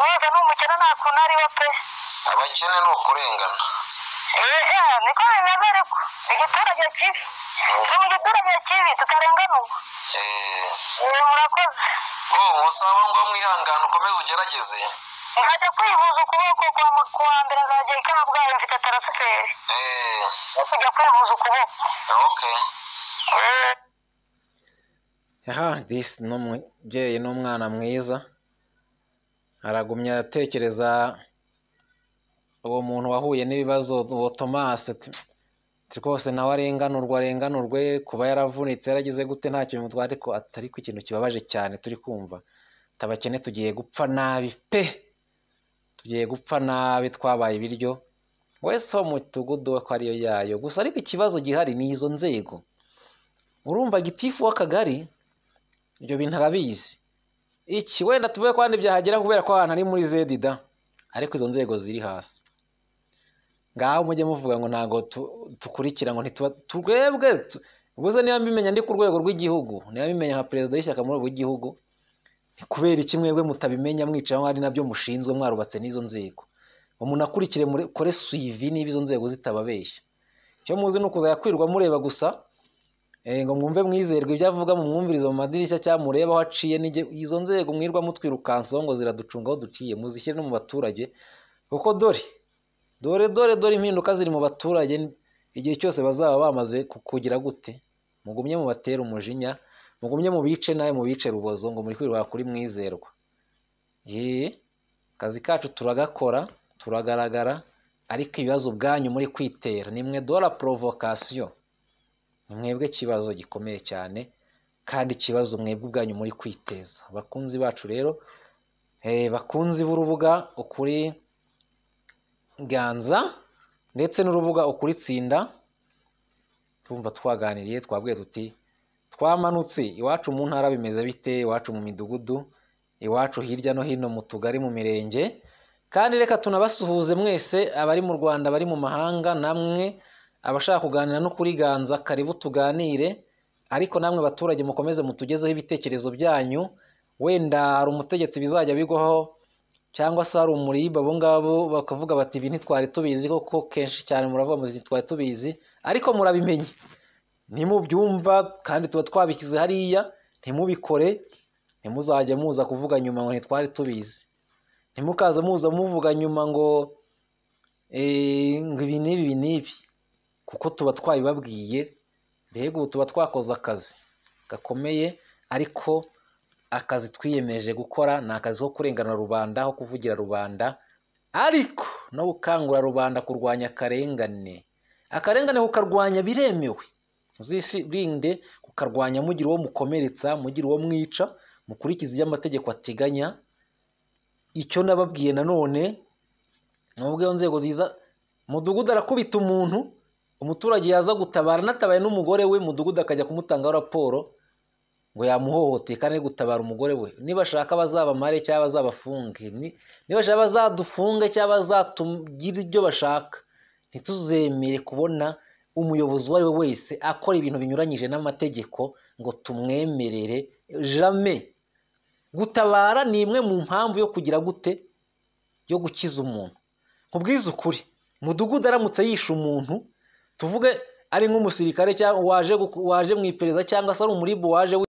wenda ni umukene nta kuntu ariho pe abakene ni ukurengana niko bimeze ariko igiturage kibi turi oh. mu giturage kibi tutarenganurwa eh. Eh, murakoze oh, musaba ngo mwihangane ukomeze ugerageze nkajya kwivuza ukuboko kwa mbere nzajya i mfite tarasiferi yo eh. kujya kwivuza ukuboko aha disi ni umubyeyi n'umwana mwiza aragumya atekereza uwo muntu wahuye n'ibibazo uwo tomasi rwose nawe arenganurwa arenganurwe kuba yaravunitse yaragize gute ntacyo kintu ariko atari ku ikintu kibabaje cyane turi kumva tabakene tugiye gupfa nabi pe tugiye gupfa nabi twabaye ibiryo wese wo mu mudugudu ko ariyo yayo gusa ariko ikibazo gihari ni izo nzego urumva gitifu w'akagari ibyo bintu arabizi iki wenda tuvuge ko hano ibyahagera kubera ko ahantu ari muri zedida ariko izo nzego ziri hasi ngaho mujye muvuga ngo ntabwo dukurikira ngo turebwe gusa niba mbimenya ndi ku rwego rw'igihugu niba mbimenya nka perezida w'ishyaka muri rwego rw'igihugu kubera iki mwebwe mutabimenya mwicara ari nabyo mushinzwe mwarubatse n'izo nzego munakurikire kore suivi niba izo nzego zitababeshya icyo muzi ni ukuzajya kwirwa mureba gusa eh, ngo mwumve mwizerwe ibyo avuga mu mwumvirize mu madirishya cyangwa murebe aho aciye izo nzego mwirwa mutwirukansaho ngo ziraducungaho duciye muzishyire no mu baturage kuko dore dore dore dore impinduka ziri mu baturage igihe cyose bazaba bamaze kukugira gute mugumye mubatera umujinya mugumye mubice nawe mubice rubozo ngo muri kwirirwa kuri mwizerwa yeee akazi kacu turagakora turagaragara ariko ibibazo ubwanyu muri kwitera ni mwe dora porovokasiyo ni mwebwe ikibazo gikomeye cyane kandi ikibazo mwebwe ubwanyu muri kwiteza bakunzi bacu rero eh, bakunzi b'urubuga ukuri ganza ndetse n'urubuga ukuritsinda tumva twaganiriye twabwiye tuti twamanutse iwacu mu ntara bimeze bite iwacu mu midugudu iwacu hirya no hino mu tugari mu mirenge kandi reka tunabasuhuze mwese abari mu rwanda bari mu mahanga namwe abashaka kuganira no kuri ganza karibu tuganire ariko namwe baturage mukomeze mutugezeho ibitekerezo byanyu wenda hari umutegetsi bizajya bigwaho cyangwa se hari umuriba abo ngabo bakavuga bati ibi ntitwari tubizi koko kenshi cyane muravuga ngo ntitwari tubizi ariko murabimenye ntimubyumva kandi tuba twabishyize hariya ntimubikore ntimuzajya muza kuvuga nyuma ngo ntitwari tubizi ntimukaze muza muvuga nyuma ngo eh, ngo ibi n'ibi ibi n'ibi kuko tuba twabibabwiye mbega ubu tuba twakoze akazi gakomeye ariko akazi twiyemeje gukora ni akazi ko kurengana rubanda aho kuvugira rubanda ariko no gukangurira rubanda kurwanya akarengane akarengane kukarwanya biremewe uzirinde kukarwanya mugira uwo mukomeretsa mugira uwo mwica mukurikiza ibyo amategeko ateganya icyo nababwiye nanone nubwo nzego ziza mudugudu arakubita umuntu umuturage yaza gutabara anatabaye n'umugore we mudugudu akajya kumutangaho raporo ngo yamuhohoteye kandi gutabara umugore we nibashaka bazabamare cyangwa bazabafunge nibashaka bazadufunge cyangwa bazatugire ibyo bashaka ntituzemere kubona umuyobozi uwo ari we wese akora ibintu binyuranyije n'amategeko ngo tumwemerere jame gutabara ni imwe mu mpamvu yo kugira gute yo gukiza umuntu nkubwize ukuri mudugudu aramutse yishe umuntu tuvuge ari nk'umusirikare waje mu iperereza cyangwa se ari umuribu waje